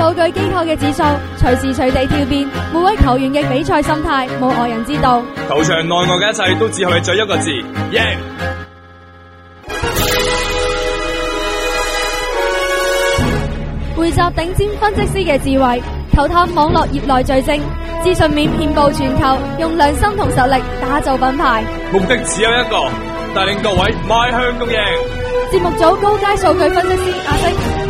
數據機構嘅指數隨時隨地跳變，每位球員嘅比賽心態冇外人知道。球場內外嘅一切都只可以一個字：贏。匯集頂尖分析師嘅智慧，球探網絡業內最精，資訊面遍布全球，用良心同實力打造品牌。目的只有一個，帶領各位邁向共贏。節目組高階數據分析師阿星。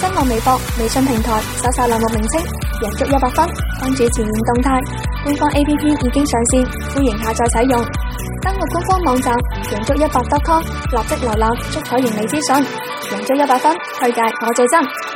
新浪微博、微信平台，搜索欄目名稱“贏足一百分”，關注前沿動態。官方 APP 已經上線，歡迎下載使用。登錄官方網站贏足一百 .com，立即瀏覽足彩完美資訊。贏足一百分，推介我最真。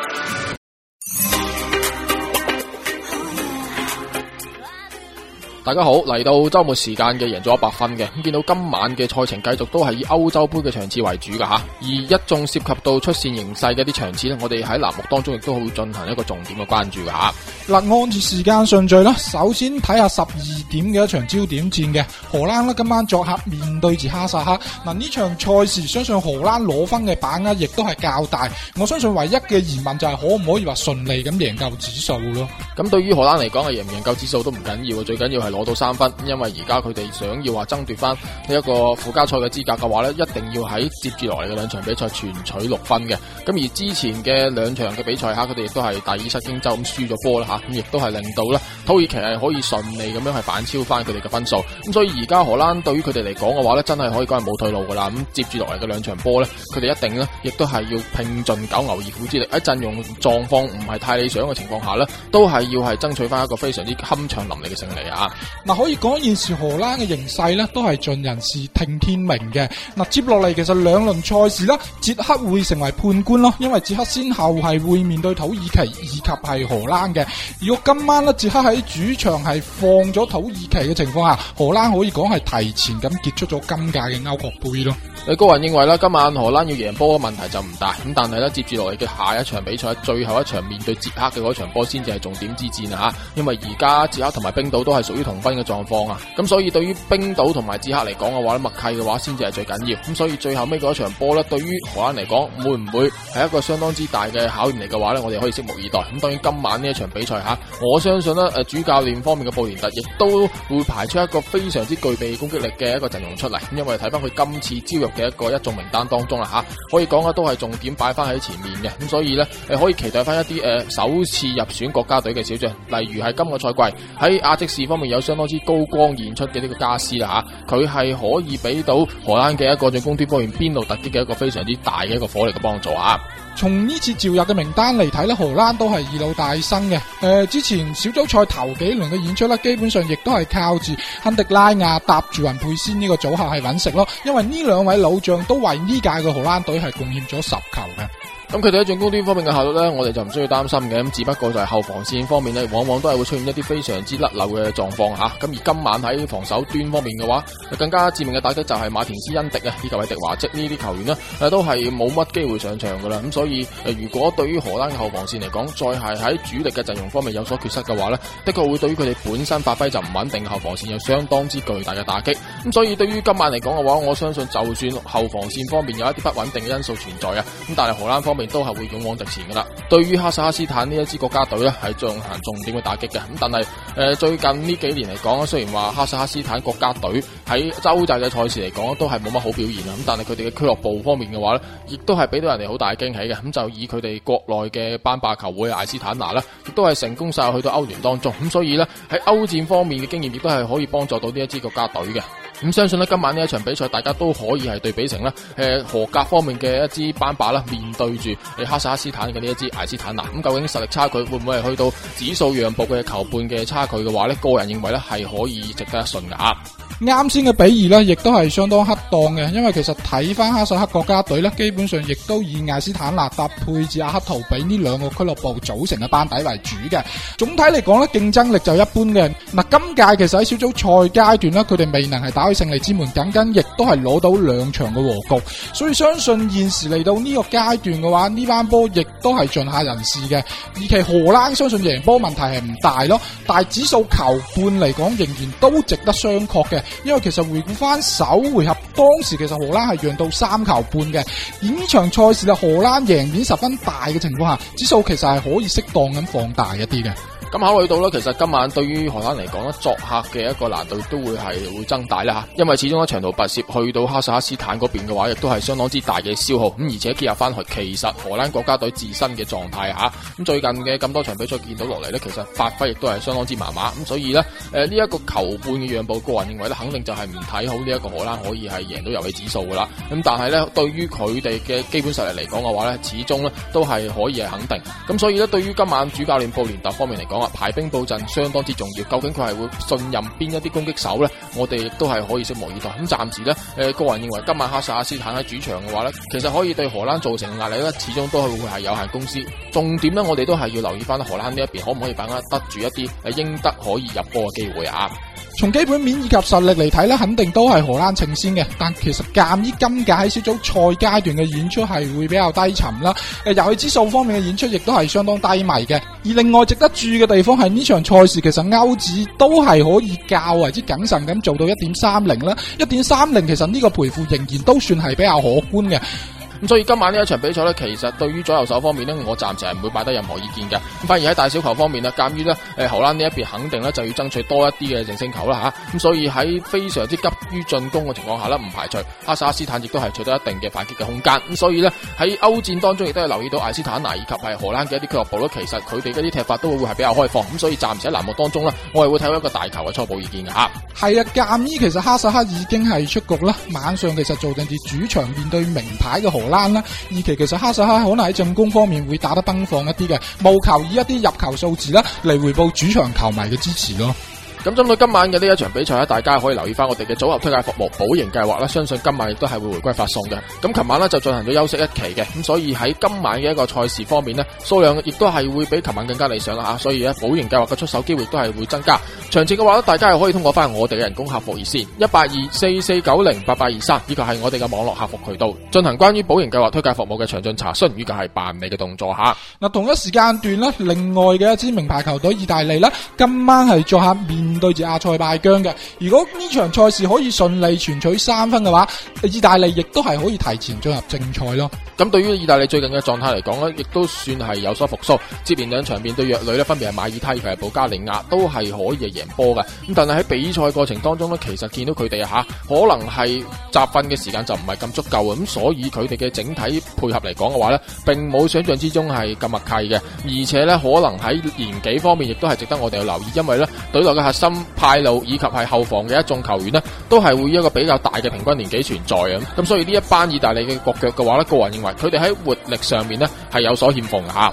大家好，嚟到周末時間嘅贏足 100FUN 嘅咁，見到今晚嘅賽程繼續都係以歐洲杯嘅場次為主噶吓，而一眾涉及到出線形勢嘅啲場次咧，我哋喺欄目當中亦都會進行一個重點嘅關注噶吓。嗱，按住時間順序啦，首先睇下十二點嘅一場焦點戰嘅荷蘭咧，今晚作客面對住哈薩克。嗱，呢場賽事，相信荷蘭攞分嘅把握亦都係較大。我相信唯一嘅疑問就係可唔可以話順利咁贏夠指數咯。咁對於荷蘭嚟講，係贏唔贏夠指數都唔緊要，最緊要係。攞到三分，因為而家佢哋想要話爭奪翻呢一個附加賽嘅資格嘅話咧，一定要喺接住落嚟嘅兩場比賽全取六分嘅。咁而之前嘅兩場嘅比賽吓，佢哋亦都係大意失荊州咁輸咗波啦吓，咁亦都係令到咧土耳其係可以順利咁樣去反超翻佢哋嘅分數。咁所以而家荷蘭對於佢哋嚟講嘅話咧，真係可以講係冇退路噶啦。咁接住落嚟嘅兩場波咧，佢哋一定呢亦都係要拼盡九牛二虎之力。喺陣容狀況唔係太理想嘅情況下呢，都係要係爭取翻一個非常之酣暢淋漓嘅勝利啊！嗱、啊，可以講現時荷蘭嘅形勢呢都係盡人事聽天命嘅。嗱、啊，接落嚟其實兩輪賽事啦，捷克會成為判官咯，因為捷克先後係會面對土耳其以及係荷蘭嘅。如果今晚咧捷克喺主場係放咗土耳其嘅情況下，荷蘭可以講係提前咁結束咗今屆嘅歐國杯咯。誒，高雲認為啦，今晚荷蘭要贏波嘅問題就唔大，咁但係呢接住落嚟嘅下一場比賽，最後一場面對捷克嘅嗰場波先至係重點之戰啊，因為而家捷克同埋冰島都係屬於同。分嘅狀況啊，咁所以對於冰島同埋捷克嚟講嘅話咧，默契嘅話先至係最緊要。咁所以最後尾嗰一場波呢，對於荷蘭嚟講，會唔會係一個相當之大嘅考驗嚟嘅話呢？我哋可以拭目以待。咁當然今晚呢一場比賽吓，我相信呢誒，主教練方面嘅布連特亦都會排出一個非常之具備攻擊力嘅一個陣容出嚟。咁因為睇翻佢今次招入嘅一個一眾名單當中啦吓，可以講啊都係重點擺翻喺前面嘅。咁所以呢，你可以期待翻一啲誒、呃、首次入選國家隊嘅小將，例如係今個賽季喺阿積士方面有。相當之高光演出嘅呢個加斯啦吓，佢、啊、係可以俾到荷蘭嘅一個進攻端方面邊路突擊嘅一個非常之大嘅一個火力嘅幫助啊！從呢次召入嘅名單嚟睇咧，荷蘭都係二老大生嘅。誒、呃，之前小組賽頭幾輪嘅演出咧，基本上亦都係靠住亨迪拉亞搭住雲佩先。呢個組合係揾食咯，因為呢兩位老將都為呢屆嘅荷蘭隊係貢獻咗十球嘅。咁佢哋喺進攻端方面嘅效率咧，我哋就唔需要擔心嘅。咁只不過就係後防線方面咧，往往都係會出現一啲非常之甩漏嘅狀況吓。咁、啊、而今晚喺防守端方面嘅話，更加致命嘅打擊就係馬田斯恩迪啊以及韋迪華積呢啲球員咧，都係冇乜機會上場噶啦。咁所以，如果對於荷蘭嘅後防線嚟講，再係喺主力嘅陣容方面有所缺失嘅話咧，的確會對於佢哋本身發揮就唔穩定嘅後防線有相當之巨大嘅打擊。咁所以對於今晚嚟講嘅話，我相信就算後防線方面有一啲不穩定嘅因素存在啊，咁但係荷蘭方面。都係會勇往直前噶啦。對於哈薩克斯坦呢一支國家隊咧，係進行重點嘅打擊嘅。咁但係，誒、呃、最近呢幾年嚟講，雖然話哈薩克斯坦國家隊喺洲際嘅賽事嚟講，都係冇乜好表現啦。咁但係佢哋嘅俱樂部方面嘅話咧，亦都係俾到人哋好大嘅驚喜嘅。咁就以佢哋國內嘅班霸球會艾斯坦納啦，亦都係成功晒去到歐聯當中。咁所以咧喺歐戰方面嘅經驗，亦都係可以幫助到呢一支國家隊嘅。咁相信咧，今晚呢一場比賽，大家都可以係對比成啦。誒、呃，荷甲方面嘅一支班霸啦，面對住誒哈薩克斯坦嘅呢一支艾斯坦啦。咁、啊嗯、究竟實力差距會唔會係去到指數讓步嘅球半嘅差距嘅話咧？個人認為咧，係可以值得一順嘅。啱先嘅比喻咧，亦都係相當恰當嘅，因為其實睇翻哈薩克國家隊咧，基本上亦都以艾斯坦納搭配住阿克圖比呢兩個俱樂部組成嘅班底為主嘅。總體嚟講咧，競爭力就一般嘅。嗱、啊，今屆其實喺小組賽階段咧，佢哋未能係打開勝利之門，僅僅亦都係攞到兩場嘅和局。所以相信現時嚟到呢個階段嘅話，呢班波亦都係盡下人事嘅。而其荷蘭相信贏波問題係唔大咯，但係指數球半嚟講，仍然都值得商榷嘅。因為其實回顧翻首回合，當時其實荷蘭係讓到三球半嘅，而呢場賽事就荷蘭贏面十分大嘅情況下，指數其實係可以適當咁放大一啲嘅。咁考慮到咧，其實今晚對於荷蘭嚟講咧，作客嘅一個難度都會係會增大啦嚇，因為始終一長途跋涉去到哈薩克斯坦嗰邊嘅話，亦都係相當之大嘅消耗。咁而且結合翻去，其實荷蘭國家隊自身嘅狀態嚇，咁最近嘅咁多場比賽見到落嚟咧，其實發揮亦都係相當之麻麻。咁所以咧，誒呢一個球半嘅讓步，個人認為咧，肯定就係唔睇好呢一個荷蘭可以係贏到遊戲指數噶啦。咁但係咧，對於佢哋嘅基本實力嚟講嘅話咧，始終咧都係可以係肯定。咁所以咧，對於今晚主教練布連特方面嚟講，排兵佈陣相當之重要，究竟佢係會信任邊一啲攻擊手呢？我哋亦都係可以拭目以待。咁暫時咧，誒、呃，個人認為今晚哈薩克斯坦喺主場嘅話呢，其實可以對荷蘭造成壓力，呢，始終都係會係有限公司。重點呢，我哋都係要留意翻，荷蘭呢一邊可唔可以把握得住一啲誒，英德可以入波嘅機會啊！從基本面以及實力嚟睇咧，肯定都係荷蘭稱先嘅。但其實鑒於今屆喺小組賽階段嘅演出係會比較低沉啦，誒、呃，遊戲指數方面嘅演出亦都係相當低迷嘅。而另外值得注意嘅地方係呢場賽事，其實歐指都係可以較為之謹慎咁做到一點三零啦，一點三零其實呢個賠付仍然都算係比較可觀嘅。咁所以今晚呢一場比賽咧，其實對於左右手方面咧，我暫時係唔會擺得任何意見嘅。咁反而喺大小球方面咧，鑒於咧，誒荷蘭呢一邊肯定咧就要爭取多一啲嘅淨勝球啦，吓，咁所以喺非常之急於進攻嘅情況下咧，唔排除哈薩斯坦亦都係取得一定嘅反擊嘅空間，咁所以咧喺歐戰當中亦都係留意到艾斯坦娜以及係荷蘭嘅一啲俱樂部咯。其實佢哋嗰啲踢法都會係比較開放。咁所以暫時喺欄目當中咧，我係會睇到一個大球嘅初步意見嘅吓，係啊，鑒於其實哈薩克已經係出局啦，晚上其實做緊住主場面對名牌嘅荷蘭啦，二期其實哈薩克可能喺進攻方面會打得奔放一啲嘅，務求以一啲入球數字啦嚟回報主場球迷嘅支持咯。咁針對今晚嘅呢一場比賽咧，大家可以留意翻我哋嘅組合推介服務保營計劃啦，相信今晚亦都係會回歸發送嘅。咁琴晚咧就進行咗休息一期嘅，咁所以喺今晚嘅一個賽事方面咧，數量亦都係會比琴晚更加理想啦吓，所以咧，保營計劃嘅出手機會都係會增加。詳情嘅話咧，大家又可以通過翻我哋嘅人工客服熱線一八二四四九零八八二三，呢個係我哋嘅網絡客服渠道，進行關於保營計劃推介服務嘅詳盡查詢，呢個係辦理嘅動作吓。嗱，同一時間段咧，另外嘅一支名牌球隊意大利咧，今晚係做下面，對住阿塞拜疆嘅，如果呢場賽事可以順利全取三分嘅話，意大利亦都係可以提前進入正賽咯。咁對於意大利最近嘅狀態嚟講呢亦都算係有所復甦。接連兩場面對弱旅呢，分別係馬爾他同埋保加利亞，都係可以贏波嘅。咁但係喺比賽過程當中呢，其實見到佢哋下，可能係集訓嘅時間就唔係咁足夠啊。咁所以佢哋嘅整體配合嚟講嘅話呢，並冇想象之中係咁默契嘅。而且呢，可能喺年紀方面亦都係值得我哋去留意，因為呢，隊內嘅核心派路以及係後防嘅一眾球員呢，都係會一個比較大嘅平均年紀存在啊。咁所以呢一班意大利嘅國腳嘅話呢，個人認佢哋喺活力上面呢，係有所欠奉嘅吓。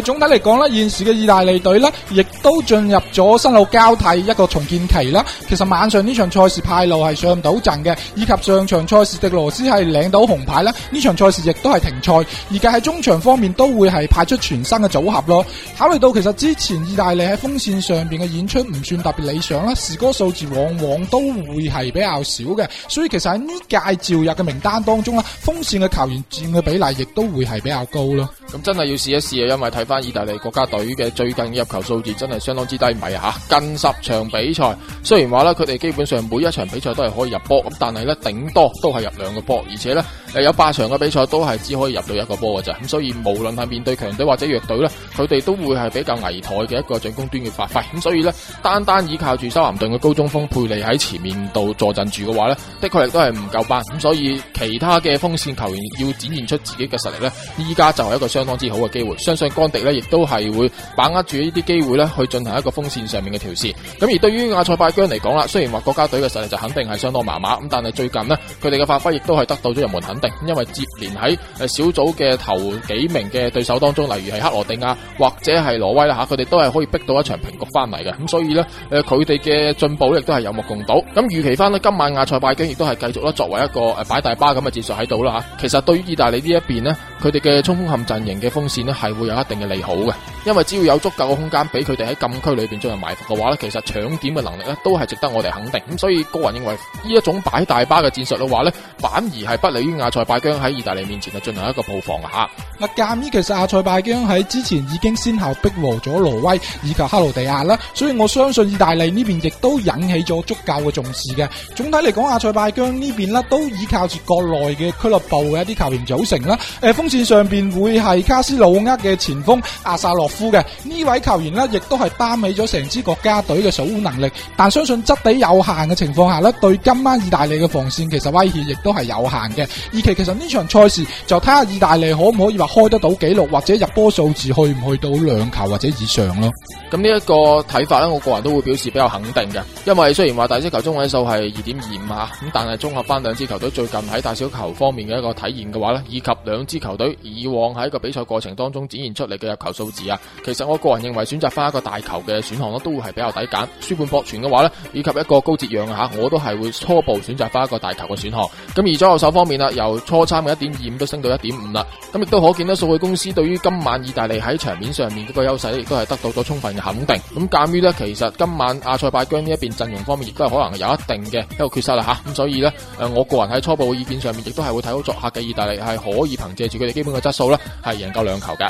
誒，總體嚟講呢，現時嘅意大利隊呢，亦都進入咗新老交替一個重建期啦。其實晚上呢場賽事派路係上唔到陣嘅，以及上場賽事迪羅斯係領到紅牌啦，呢場賽事亦都係停賽。而家喺中場方面都會係派出全新嘅組合咯。考慮到其實之前意大利喺鋒線上邊嘅演出，唔算特別理想啦，士哥數字往往都會係比較少嘅，所以其實喺呢屆召入嘅名單當中呢，鋒線嘅球員佔嘅。比例亦都會係比較高咯，咁真係要試一試啊！因為睇翻意大利國家隊嘅最近入球數字，真係相當之低迷吓。近、啊、十場比賽，雖然話咧佢哋基本上每一場比賽都係可以入波，咁但係咧頂多都係入兩個波，而且咧誒有八場嘅比賽都係只可以入到一個波嘅咋。咁所以無論係面對強隊或者弱隊咧，佢哋都會係比較危殆嘅一個進攻端嘅發揮。咁所以咧，單單依靠住修咸頓嘅高中鋒佩利喺前面度坐鎮住嘅話咧，的確亦都係唔夠班。咁所以其他嘅鋒線球員要展現出自己嘅實力呢，依家就係一個相當之好嘅機會。相信甘迪呢，亦都係會把握住呢啲機會呢，去進行一個鋒線上面嘅調試。咁而對於亞賽拜疆嚟講啦，雖然話國家隊嘅實力就肯定係相當麻麻咁，但係最近呢，佢哋嘅發揮亦都係得到咗人們肯定，因為接連喺誒小組嘅頭幾名嘅對手當中，例如係克羅地亞或者係挪威啦吓，佢哋都係可以逼到一場平局翻嚟嘅。咁所以呢，誒佢哋嘅進步亦都係有目共睹。咁預期翻呢，今晚亞賽拜疆亦都係繼續啦，作為一個誒擺大巴咁嘅戰術喺度啦吓。其實對於意大利要比呢？佢哋嘅衝鋒陷陣營嘅鋒線咧，係會有一定嘅利好嘅，因為只要有足夠嘅空間俾佢哋喺禁區裏邊進行埋伏嘅話呢，其實搶點嘅能力咧都係值得我哋肯定。咁所以個人認為呢一種擺大巴嘅戰術嘅話呢，反而係不利於亞塞拜疆喺意大利面前啊進行一個布防啊吓。啊，咁呢其實亞塞拜疆喺之前已經先後逼和咗挪威以及克羅地亞啦，所以我相信意大利呢邊亦都引起咗足夠嘅重視嘅。總體嚟講，亞塞拜疆呢邊咧都依靠住國內嘅俱樂部嘅一啲球員組成啦，誒、欸，鋒線上邊會係卡斯魯厄嘅前鋒阿薩洛夫嘅呢位球員呢，亦都係擔起咗成支國家隊嘅守護能力，但相信質地有限嘅情況下呢，對今晚意大利嘅防線其實威脅亦都係有限嘅。而其其實呢場賽事就睇下意大利可唔可以話開得到紀錄，或者入波數字去唔去到兩球或者以上咯。咁呢一個睇法呢，我個人都會表示比較肯定嘅，因為雖然話大小球中位數係二點二五吓，咁但係綜合翻兩支球隊最近喺大小球方面嘅一個體驗嘅話呢，以及兩支球以往喺一個比賽過程當中展現出嚟嘅入球數字啊，其實我個人認為選擇翻一個大球嘅選項咯，都會係比較抵揀。輸半博全嘅話呢，以及一個高折讓吓，我都係會初步選擇翻一個大球嘅選項。咁而左右手方面啦，由初參嘅一點二五都升到一點五啦。咁亦都可見到數據公司對於今晚意大利喺場面上面嗰個優勢亦都係得到咗充分嘅肯定。咁鑒於呢，其實今晚阿塞拜疆呢一邊陣容方面亦都係可能有一定嘅一個缺失啦吓。咁所以呢，誒我個人喺初步嘅意見上面，亦都係會睇到作客嘅意大利係可以憑借住佢。基本嘅質素咧，係贏夠兩球嘅。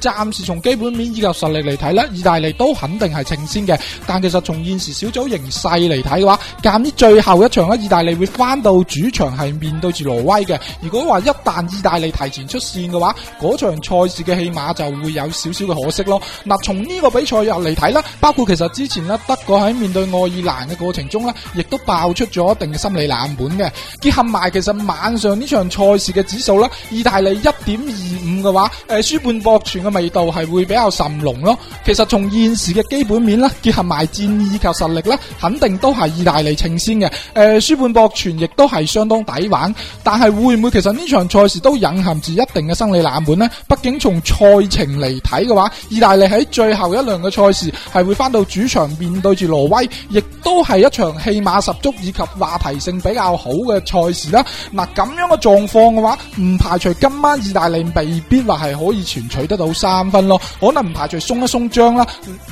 暫時從基本面以及實力嚟睇咧，意大利都肯定係領先嘅。但其實從現時小組形勢嚟睇嘅話，鑒於最後一場咧，意大利會翻到主場係面對住挪威嘅。如果話一旦意大利提前出線嘅話，嗰場賽事嘅起碼就會有少少嘅可惜咯。嗱，從呢個比賽入嚟睇咧，包括其實之前咧，德國喺面對愛爾蘭嘅過程中咧，亦都爆出咗一定嘅心理冷門嘅。結合埋其實晚上場賽，呢場賽事嘅指數咧，意大利一點二五嘅話，誒、呃，輸半博全嘅味道係會比較甚濃咯。其實從現時嘅基本面咧，結合埋戰意及實力咧，肯定都係意大利稱先嘅。誒、呃，輸半博全亦都係相當抵玩，但係會唔會其實呢場賽事都隱含住一定嘅生理冷門咧？畢竟從賽程嚟睇嘅話，意大利喺最後一輪嘅賽事係會翻到主場面對住挪威，亦都係一場戲碼十足以及話題性比較好嘅賽事啦。嗱、呃，咁樣嘅狀況嘅話，唔排除今晚。意大利未必話係可以全取得到三分咯，可能唔排除鬆一鬆章啦，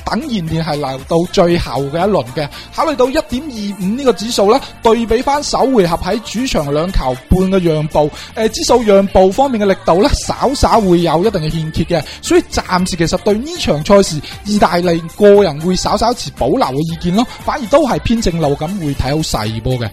等然定係留到最後嘅一輪嘅。考慮到一點二五呢個指數啦，對比翻首回合喺主場兩球半嘅讓步，誒、呃，指數讓步方面嘅力度咧，稍稍會有一定嘅欠缺嘅，所以暫時其實對呢場賽事，意大利個人會稍稍持保留嘅意見咯，反而都係偏正路咁會睇好細波嘅。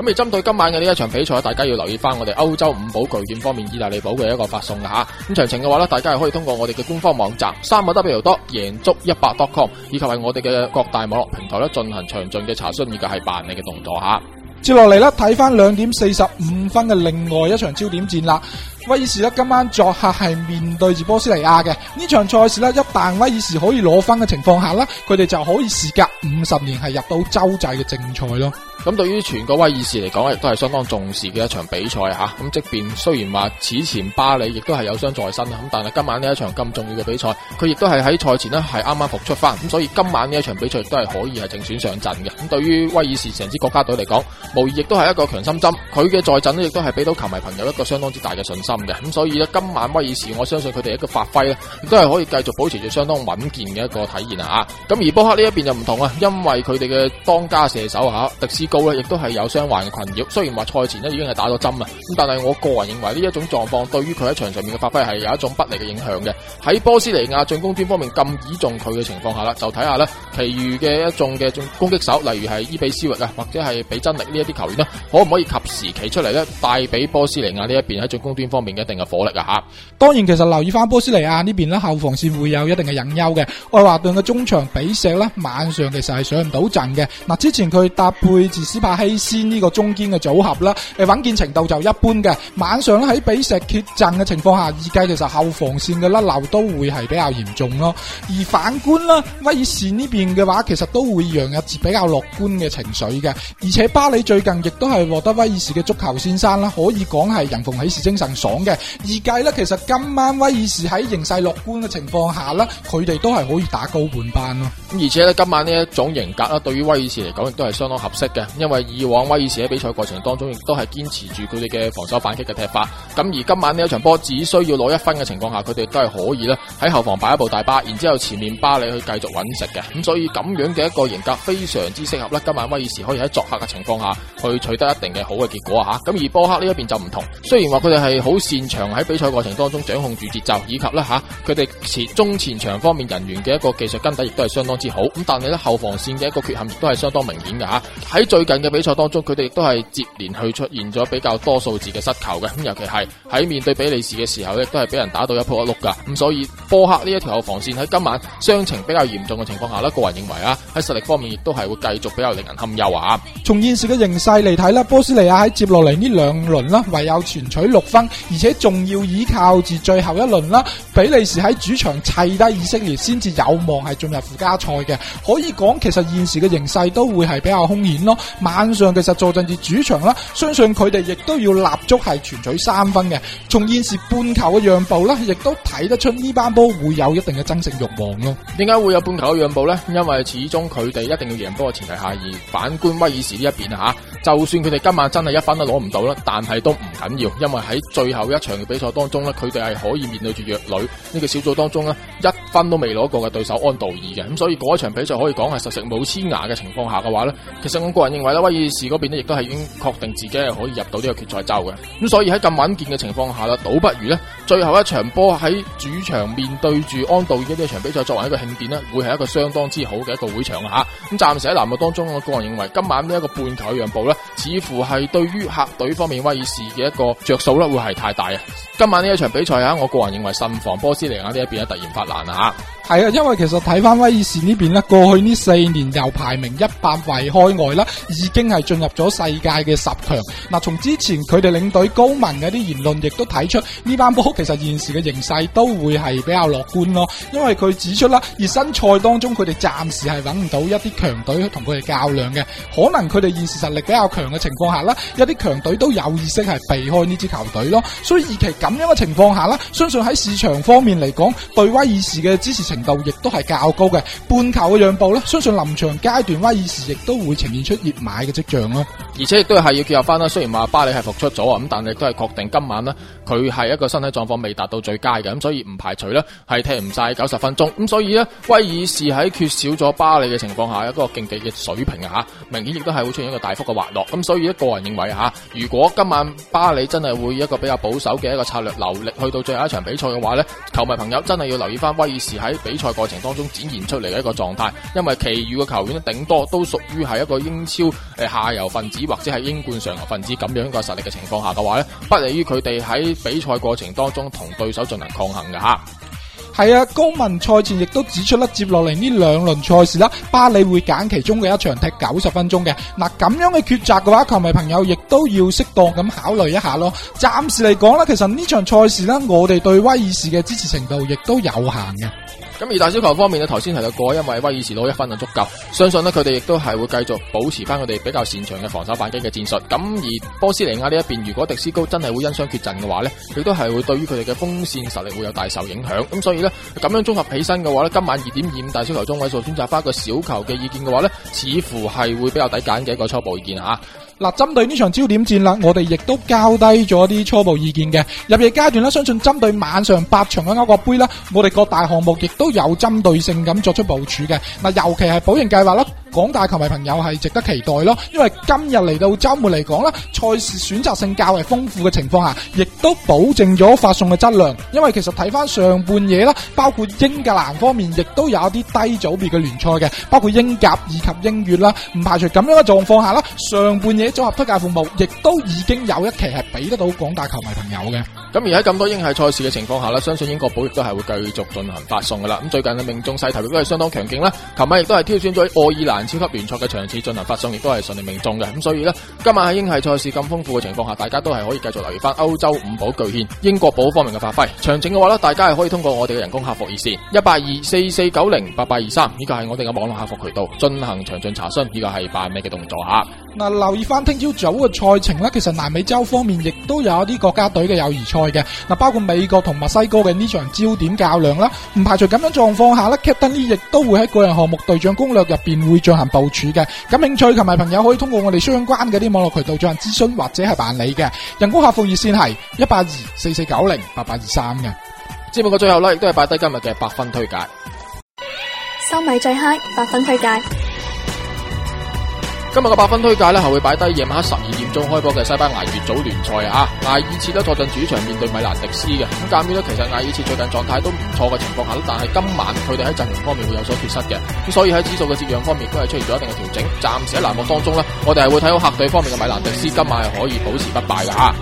咁而針對今晚嘅呢一場比賽，大家要留意翻我哋歐洲五寶巨卷，方面意大利寶嘅一個發送嘅吓。咁詳情嘅話呢，大家係可以通過我哋嘅官方網站三個 W 多贏足一百 dot com，以及係我哋嘅各大網絡平台咧，進行詳盡嘅查詢以及係辦理嘅動作吓。接落嚟呢，睇翻兩點四十五分嘅另外一場焦點戰啦，威爾士呢今晚作客係面對住波斯尼亞嘅呢場賽事呢，一旦威爾士可以攞分嘅情況下呢，佢哋就可以時隔五十年係入到洲際嘅正賽咯。咁對於全個威爾士嚟講，亦都係相當重視嘅一場比賽吓。咁、啊、即便雖然話此前巴里亦都係有傷在身啦，咁但係今晚呢一場咁重要嘅比賽，佢亦都係喺賽前咧係啱啱復出翻，咁所以今晚呢一場比賽亦都係可以係正選上陣嘅。咁對於威爾士成支國家隊嚟講，無疑亦都係一個強心針。佢嘅在陣咧亦都係俾到球迷朋友一個相當之大嘅信心嘅。咁所以咧今晚威爾士，我相信佢哋一個發揮咧，亦都係可以繼續保持住相當穩健嘅一個體現啊。咁而波克呢一邊就唔同啊，因為佢哋嘅當家射手吓、啊、迪斯。亦都係有傷患嘅困擾。雖然話賽前咧已經係打咗針啊，咁但係我個人認為呢一種狀況對於佢喺場上面嘅發揮係有一種不利嘅影響嘅。喺波斯尼亞進攻端方面咁倚重佢嘅情況下啦，就睇下啦，其餘嘅一眾嘅進攻手，例如係伊比斯域啊，或者係比真力呢一啲球員咧，可唔可以及時企出嚟咧，帶俾波斯尼亞呢一邊喺進攻端方面嘅一定嘅火力啊吓。當然，其實留意翻波斯尼亞呢邊咧，後防線會有一定嘅隱憂嘅。愛華頓嘅中場比石呢，晚上其實係上唔到陣嘅。嗱，之前佢搭配。斯帕希斯呢個中堅嘅組合啦，誒、呃、穩健程度就一般嘅。晚上喺比石缺陣嘅情況下，預計其實後防線嘅甩漏都會係比較嚴重咯。而反觀啦，威爾士呢邊嘅話，其實都會讓有比較樂觀嘅情緒嘅。而且巴里最近亦都係獲得威爾士嘅足球先生啦，可以講係人逢喜事精神爽嘅。預計呢，其實今晚威爾士喺形勢樂觀嘅情況下呢，佢哋都係可以打高半班咯。咁而且呢，今晚呢一種型格啦，對於威爾士嚟講亦都係相當合適嘅。因為以往威爾士喺比賽過程當中，亦都係堅持住佢哋嘅防守反擊嘅踢法。咁而今晚呢一場波只需要攞一分嘅情況下，佢哋都係可以咧喺後防擺一部大巴，然之後前面巴里去繼續搵食嘅。咁所以咁樣嘅一個型格非常之適合啦，今晚威爾士可以喺作客嘅情況下去取得一定嘅好嘅結果啊！咁而波克呢一邊就唔同，雖然話佢哋係好擅長喺比賽過程當中掌控住節奏，以及呢，吓佢哋前中前場方面人員嘅一個技術根底亦都係相當之好，咁但係呢，後防線嘅一個缺陷亦都係相當明顯嘅吓。喺最近嘅比賽當中，佢哋亦都係接連去出現咗比較多數字嘅失球嘅，咁尤其係喺面對比利時嘅時候咧，都係俾人打到一仆一碌噶。咁所以波克呢一條後防線喺今晚傷情比較嚴重嘅情況下咧，個人認為啊，喺實力方面亦都係會繼續比較令人堪憂啊！從現時嘅認識。嚟睇啦，波斯尼亞喺接落嚟呢兩輪啦，唯有全取六分，而且仲要依靠住最後一輪啦。比利時喺主場砌低以色列，先至有望係進入附加賽嘅。可以講，其實現時嘅形勢都會係比較凶險咯。晚上嘅實坐陣至主場啦，相信佢哋亦都要立足係全取三分嘅。從現時半球嘅讓步啦，亦都睇得出呢班波會有一定嘅爭勝慾望咯。點解會有半球嘅讓步呢？因為始終佢哋一定要贏波嘅前提下，而反觀威爾士呢一邊啊就算佢哋今晚真係一分都攞唔到啦，但係都唔緊要，因為喺最後一場嘅比賽當中呢，佢哋係可以面對住弱旅，呢個小組當中呢，一分都未攞過嘅對手安道爾嘅，咁所以嗰一場比賽可以講係實食冇黐牙嘅情況下嘅話呢，其實我個人認為咧，威爾士嗰邊呢亦都係已經確定自己係可以入到呢個決賽周嘅，咁所以喺咁穩健嘅情況下啦，倒不如呢。最後一場波喺主場面對住安道爾呢一場比賽，作為一個慶典呢，會係一個相當之好嘅一個會場啊！咁暫時喺欄目當中，我個人認為今晚呢一個半球讓步呢，似乎係對於客隊方面威爾士嘅一個着數呢，會係太大啊！今晚呢一場比賽啊，我個人認為，慎防波斯尼亞呢一邊呢突然發難啊！係啊，因為其實睇翻威爾士呢邊咧，過去呢四年由排名一百位開外啦，已經係進入咗世界嘅十強。嗱，從之前佢哋領隊高文嘅啲言論也看出，亦都睇出呢班波，其實現時嘅形勢都會係比較樂觀咯。因為佢指出啦，熱身賽當中佢哋暫時係揾唔到一啲強隊去同佢哋較量嘅，可能佢哋現時實,實力比較強嘅情況下啦，一啲強隊都有意識係避開呢支球隊咯。所以而其咁樣嘅情況下啦，相信喺市場方面嚟講，對威爾士嘅支持情。度亦都係較高嘅半球嘅讓步呢，相信臨場階段威爾士亦都會呈現出熱買嘅跡象啦。而且亦都係要結合翻啦，雖然話巴里係復出咗啊，咁但係亦都係確定今晚呢，佢係一個身體狀況未達到最佳嘅，咁所以唔排除呢，係踢唔晒九十分鐘。咁所以呢，威爾士喺缺少咗巴里嘅情況下，一個競技嘅水平啊，吓明顯亦都係會出現一個大幅嘅滑落。咁所以個人認為啊，如果今晚巴里真係會一個比較保守嘅一個策略，留力去到最後一場比賽嘅話呢，球迷朋友真係要留意翻威爾士喺。比賽過程當中展現出嚟嘅一個狀態，因為其餘嘅球員呢，頂多都屬於係一個英超誒下游分子，或者係英冠上游分子咁樣一個實力嘅情況下嘅話呢，不利於佢哋喺比賽過程當中同對手進行抗衡嘅吓。係啊，高文賽前亦都指出，啦接落嚟呢兩輪賽事啦，巴里會揀其中嘅一場踢九十分鐘嘅。嗱，咁樣嘅抉擇嘅話，球迷朋友亦都要適當咁考慮一下咯。暫時嚟講咧，其實呢場賽事咧，我哋對威爾士嘅支持程度亦都有限嘅。咁而大小球方面呢頭先提到過，因為威爾士攞一分就足夠，相信呢佢哋亦都係會繼續保持翻佢哋比較擅長嘅防守反擊嘅戰術。咁而波斯尼亞呢一邊，如果迪斯高真係會因傷缺陣嘅話呢，佢都係會對於佢哋嘅鋒線實力會有大受影響。咁所以呢，咁樣綜合起身嘅話呢，今晚二點二五大小球中位數選擇翻個小球嘅意見嘅話呢，似乎係會比較抵揀嘅一個初步意見吓、啊。嗱，針對呢場焦點戰啦，我哋亦都交低咗啲初步意見嘅。入夜階段啦，相信針對晚上八場嘅歐國杯啦，我哋各大項目亦都有針對性咁作出部署嘅。嗱，尤其係保贏計劃啦，廣大球迷朋友係值得期待咯。因為今日嚟到週末嚟講啦，賽事選擇性較為豐富嘅情況下，亦都保證咗發送嘅質量。因為其實睇翻上半夜啦，包括英格蘭方面亦都有啲低組別嘅聯賽嘅，包括英甲以及英乙啦，唔排除咁樣嘅狀況下啦，上半夜。組合推介服務亦都已經有一期係俾得到廣大球迷朋友嘅。咁而喺咁多英系賽事嘅情況下咧，相信英國寶亦都係會繼續進行發送噶啦。咁最近嘅命中勢頭亦都係相當強勁啦。琴晚亦都係挑選咗愛爾蘭超級聯賽嘅場次進行發送，亦都係順利命中嘅。咁所以呢，今晚喺英系賽事咁豐富嘅情況下，大家都係可以繼續留意翻歐洲五寶巨獻英國寶方面嘅發揮。詳情嘅話咧，大家係可以通過我哋嘅人工客服熱線一八二四四九零八八二三，呢個係我哋嘅網絡客服渠道進行詳盡查詢，呢個係辦咩嘅動作啊？嗱，留意翻聽朝早嘅賽程啦，其實南美洲方面亦都有一啲國家隊嘅友誼賽嘅，嗱，包括美國同墨西哥嘅呢場焦點較量啦，唔排除咁樣狀況下呢 Captain 呢亦都會喺個人項目隊長攻略入邊會進行部署嘅，感興趣同埋朋友可以通過我哋相關嘅啲網絡渠道進行諮詢或者係辦理嘅，人工客服熱綫係一八二四四九零八八二三嘅，節目嘅最後呢，亦都係擺低今日嘅百分推介，收米最嗨，i 百分推介。今日嘅八分推介呢，係會擺低夜晚黑十二點鐘開波嘅西班牙乙組聯賽啊！吓、啊，艾爾切都坐進主場面對米蘭迪斯嘅，咁鑑於呢，其實艾爾切最近狀態都唔錯嘅情況下，但係今晚佢哋喺陣容方面會有所缺失嘅，咁所以喺指數嘅折讓方面都係出現咗一定嘅調整。暫時喺欄目當中呢，我哋係會睇好客隊方面嘅米蘭迪斯今晚係可以保持不敗噶吓、啊。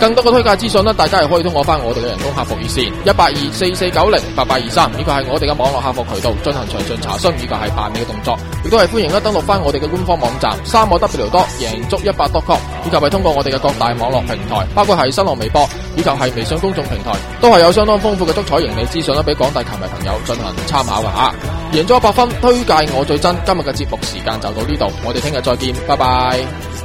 更多嘅推介資訊呢，大家係可以通過翻我哋嘅人工客服熱線一八二四四九零八八二三，呢個係我哋嘅網絡客服渠道進行詳盡查詢以及係辦理嘅動作，亦都係歡迎咧，登錄翻我哋嘅官方網站。三個 W 多贏足一百 FUN 多 com，以及係通過我哋嘅各大網絡平台，包括係新浪微博，以及係微信公眾平台，都係有相當豐富嘅足彩盈利資訊啦，俾廣大球迷朋友進行參考噶吓。贏咗一百分，推介我最真。今日嘅節目時間就到呢度，我哋聽日再見，拜拜。